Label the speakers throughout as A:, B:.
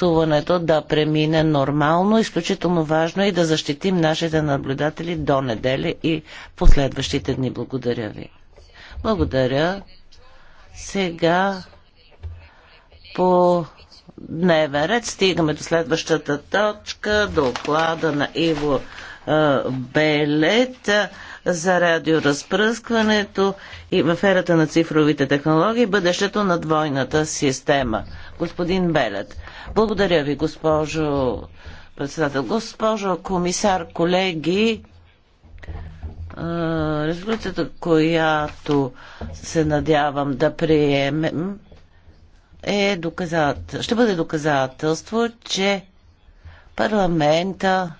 A: гласуването да премине нормално. Изключително важно е да защитим нашите наблюдатели до неделя и последващите дни. Благодаря ви. Благодаря. Сега по дневен ред стигаме до следващата точка, доклада на Иво Белет за радиоразпръскването и в аферата на цифровите технологии бъдещето на двойната система. Господин Белет, благодаря ви, госпожо председател. Госпожо комисар, колеги, резолюцията, която се надявам да приемем, е доказател... ще бъде доказателство, че парламента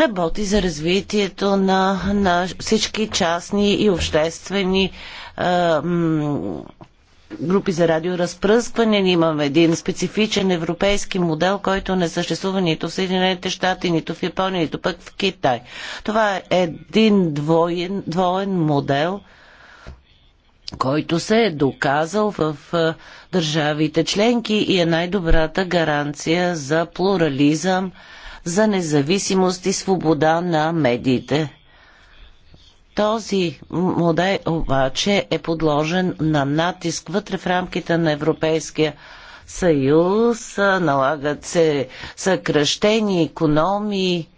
A: работи за развитието на, на всички частни и обществени а, групи за радиоразпръскване. Ние имаме един специфичен европейски модел, който не съществува нито в Съединените щати, нито в Япония, нито пък в Китай. Това е един двоен, двоен модел, който се е доказал в държавите членки и е най-добрата гаранция за плурализъм, за независимост и свобода на медиите. Този модел обаче е подложен на натиск вътре в рамките на Европейския съюз, налагат се съкръщени економии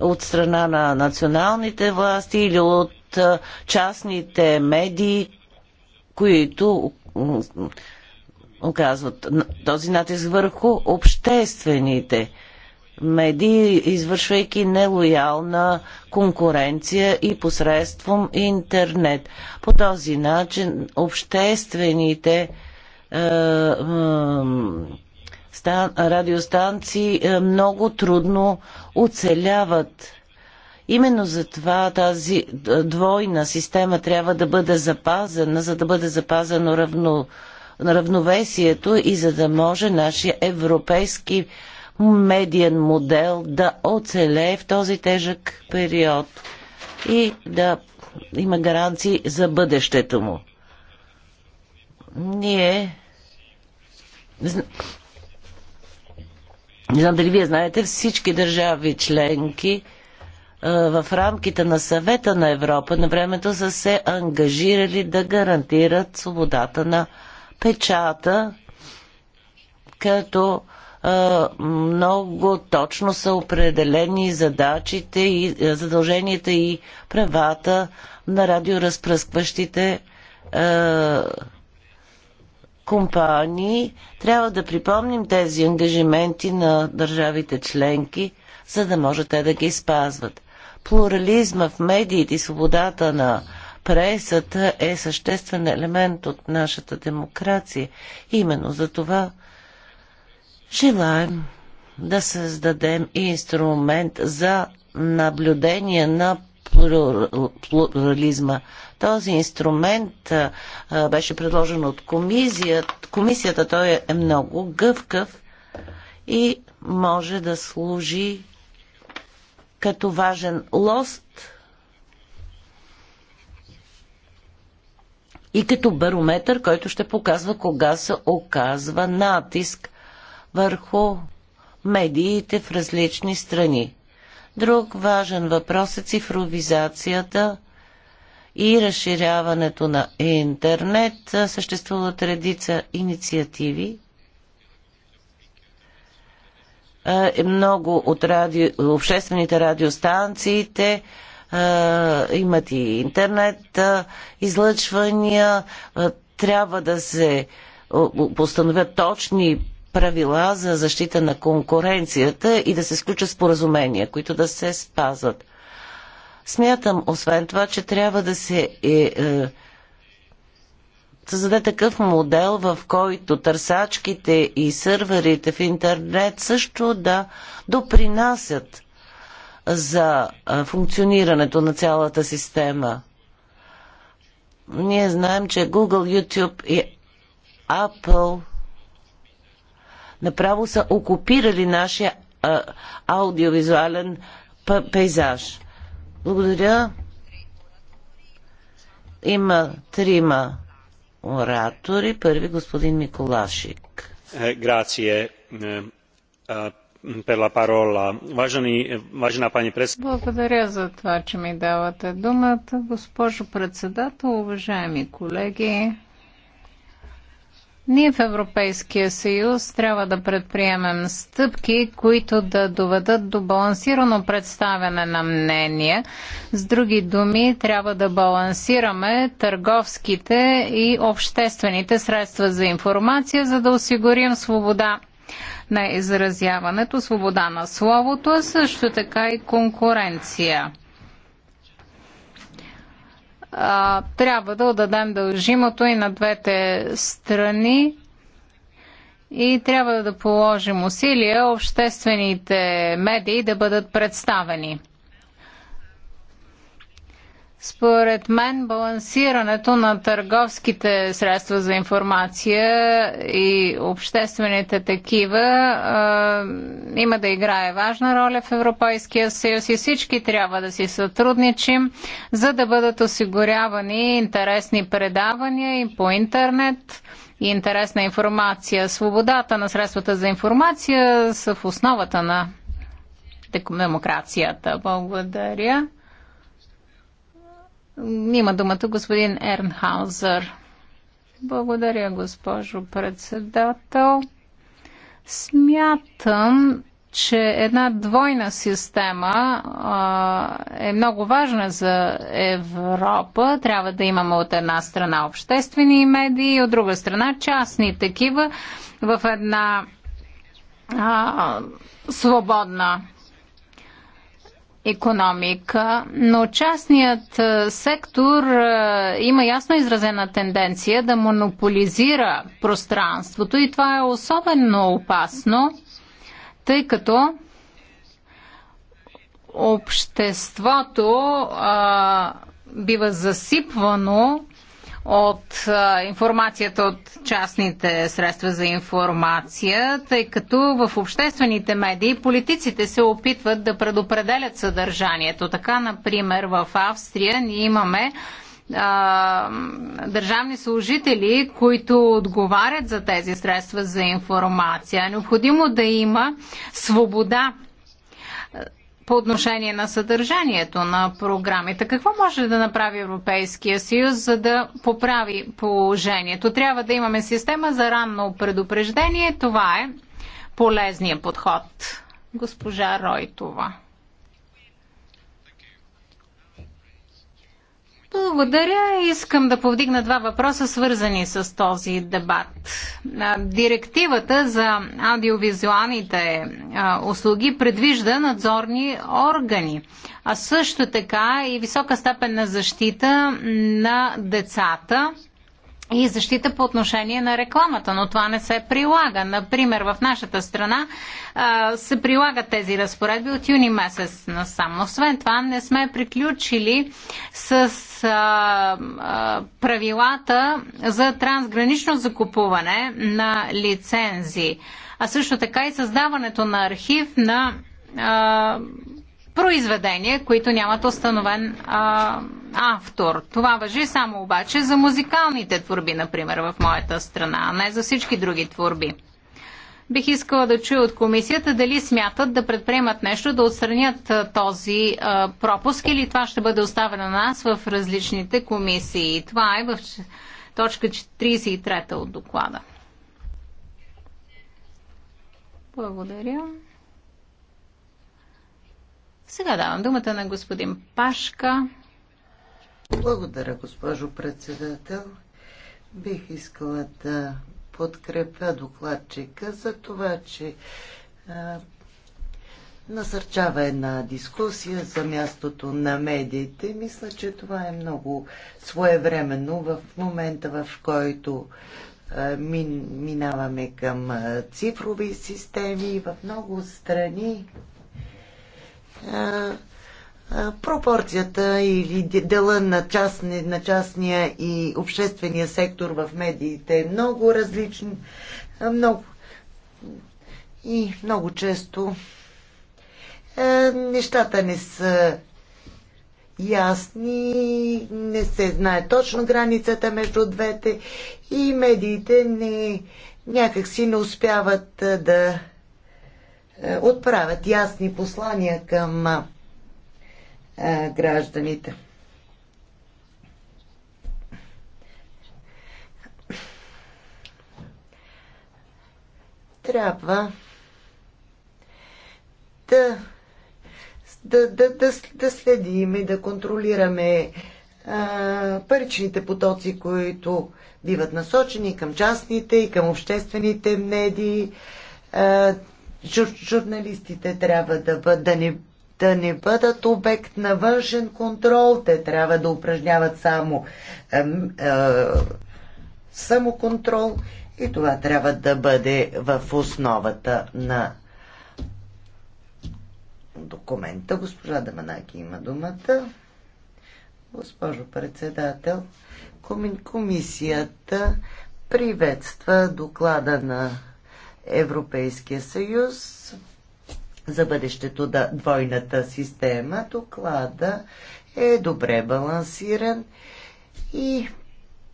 A: от страна на националните власти или от частните медии, които оказват този натиск върху обществените медии, извършвайки нелоялна конкуренция и посредством интернет. По този начин обществените е, е, стан, радиостанции е, много трудно оцеляват. Именно за това тази двойна система трябва да бъде запазена, за да бъде запазено равно равновесието и за да може нашия европейски медиен модел да оцелее в този тежък период и да има гаранции за бъдещето му. Ние. Не знам дали вие знаете, всички държави членки в рамките на съвета на Европа на времето са се ангажирали да гарантират свободата на печата, като много точно са определени задачите и задълженията и правата на радиоразпръскващите компании. Трябва да припомним тези ангажименти на държавите членки, за да може те да ги спазват. Плурализма в медиите и свободата на пресата е съществен елемент от нашата демокрация. Именно за това желаем да създадем инструмент за наблюдение на плурализма. Този инструмент а, беше предложен от комисията. Комисията той е много гъвкав и може да служи като важен лост и като барометър, който ще показва кога се оказва натиск върху медиите в различни страни. Друг важен въпрос е цифровизацията и разширяването на интернет. Съществуват редица инициативи. Е, много от радио, обществените радиостанциите имат и интернет излъчвания, трябва да се постановят точни правила за защита на конкуренцията и да се сключат споразумения, които да се спазват. Смятам, освен това, че трябва да се е, е, създаде такъв модел, в който търсачките и сървърите в интернет също да допринасят за функционирането на цялата система. Ние знаем, че Google, YouTube и Apple направо са окупирали нашия а, аудиовизуален пейзаж. Благодаря. Има трима оратори. Първи господин Миколашик. Е, грация. Е,
B: благодаря за това, че ми давате думата. Госпожо председател, уважаеми колеги, ние в Европейския съюз трябва да предприемем стъпки, които да доведат до балансирано представяне на мнения. С други думи, трябва да балансираме търговските и обществените средства за информация, за да осигурим свобода на изразяването, свобода на словото, а също така и конкуренция а, трябва да отдадем дължимото и на двете страни и трябва да положим усилия обществените медии да бъдат представени. Според мен балансирането на търговските средства за информация и обществените такива е, има да играе важна роля в Европейския съюз и всички трябва да си сътрудничим, за да бъдат осигурявани интересни предавания и по интернет и интересна информация. Свободата на средствата за информация са в основата на демокрацията. Благодаря. Има думата господин Ернхаузър. Благодаря, госпожо председател. Смятам, че една двойна система а, е много важна за Европа. Трябва да имаме от една страна обществени медии, от друга страна частни такива в една а, свободна економика, но частният е, сектор е, има ясно изразена тенденция да монополизира пространството и това е особено опасно, тъй като обществото а, бива засипвано от а, информацията от частните средства за информация, тъй като в обществените медии политиците се опитват да предопределят съдържанието. Така, например, в Австрия ние имаме а, държавни служители, които отговарят за тези средства за информация. Необходимо да има свобода по отношение на съдържанието на програмите. Какво може да направи Европейския съюз, за да поправи положението? Трябва да имаме система за ранно предупреждение. Това е полезният подход. Госпожа Ройтова. Благодаря. Искам да повдигна два въпроса, свързани с този дебат. Директивата за аудиовизуалните услуги предвижда надзорни органи, а също така и висока степен на защита на децата – и защита по отношение на рекламата, но това не се прилага. Например, в нашата страна а, се прилагат тези разпоредби от юни месец насам. Освен това, не сме приключили с а, а, правилата за трансгранично закупуване на лицензи, а също така и създаването на архив на а, произведения, които нямат установен а, автор. Това въжи само обаче за музикалните творби, например, в моята страна, а не за всички други творби. Бих искала да чуя от комисията дали смятат да предприемат нещо, да отстранят този а, пропуск или това ще бъде оставено на нас в различните комисии. Това е в точка 33 от доклада. Благодаря. Сега давам думата на господин Пашка.
C: Благодаря, госпожо председател. Бих искала да подкрепя докладчика за това, че а, насърчава една дискусия за мястото на медиите. Мисля, че това е много своевременно в момента, в който а, мин, минаваме към а, цифрови системи. В много страни пропорцията или дела на, частни, на частния и обществения сектор в медиите е много различен. Много. И много често е, нещата не са ясни, не се знае точно границата между двете и медиите не, някакси не успяват да е, отправят ясни послания към е, гражданите. Трябва да, да, да, да, да следим и да контролираме а, е, паричните потоци, които биват насочени към частните и към обществените медии. А, жур, журналистите трябва да, бъд, да, не, да не бъдат обект на външен контрол. Те трябва да упражняват само е, е, самоконтрол и това трябва да бъде в основата на документа. Госпожа Даманаки има думата. Госпожо председател, комисията приветства доклада на Европейския съюз за бъдещето да, двойната система. Доклада е добре балансиран и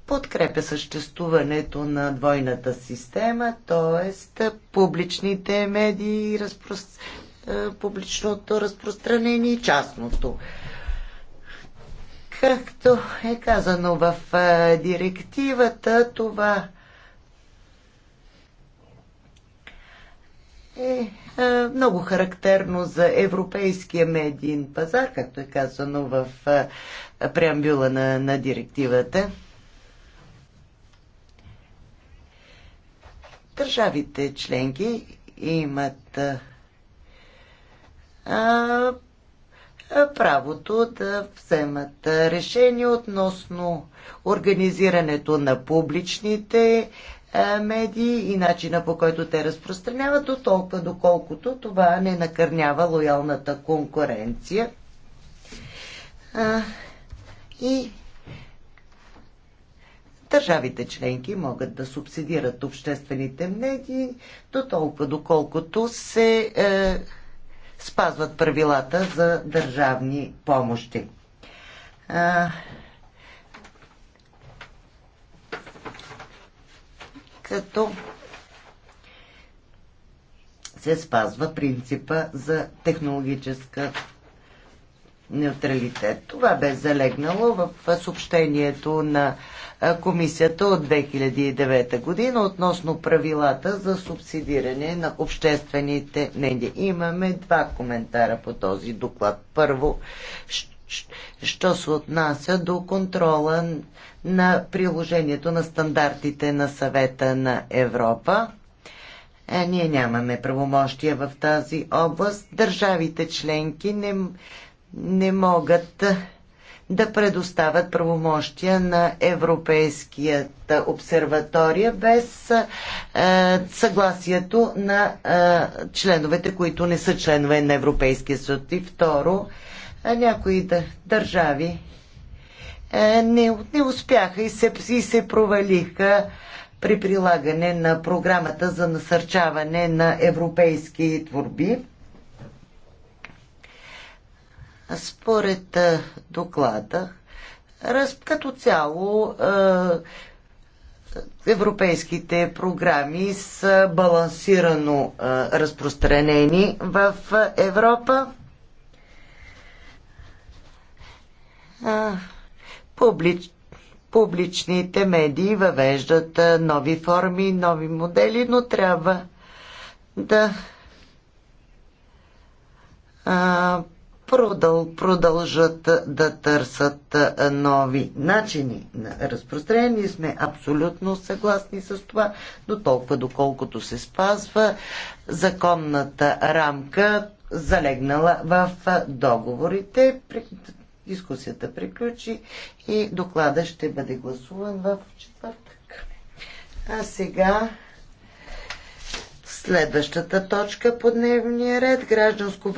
C: подкрепя съществуването на двойната система, т.е. публичните медии, разпро... Е, публичното разпространение и частното. Както е казано в е, директивата, това е, е много характерно за европейския медиен пазар, както е казано в е, преамбюла на, на директивата. Държавите членки имат а, е, а, е, правото да вземат решение относно организирането на публичните е, медии и начина по който те разпространяват, до толкова доколкото това не накърнява лоялната конкуренция. А, и държавите членки могат да субсидират обществените медии до толкова доколкото се е, спазват правилата за държавни помощи. А, като се спазва принципа за технологическа неутралитет. Това бе залегнало в съобщението на комисията от 2009 година относно правилата за субсидиране на обществените медии. Имаме два коментара по този доклад. Първо, ще що се отнася до контрола на приложението на стандартите на съвета на Европа. Е, ние нямаме правомощия в тази област. Държавите членки не, не могат да предоставят правомощия на Европейската обсерватория без е, съгласието на е, членовете, които не са членове на Европейския съд. И второ, е, някои държави е, не, не успяха и се, и се провалиха при прилагане на програмата за насърчаване на европейски творби. Според е, доклада, като цяло е, европейските програми са балансирано разпространени в Европа. а, публич, публичните медии въвеждат а, нови форми, нови модели, но трябва да а, продъл, продължат да търсят нови начини на разпространение. Сме абсолютно съгласни с това, до толкова доколкото се спазва законната рамка, залегнала в договорите. Дискусията приключи и доклада ще бъде гласуван в четвъртък. А сега следващата точка по дневния ред гражданско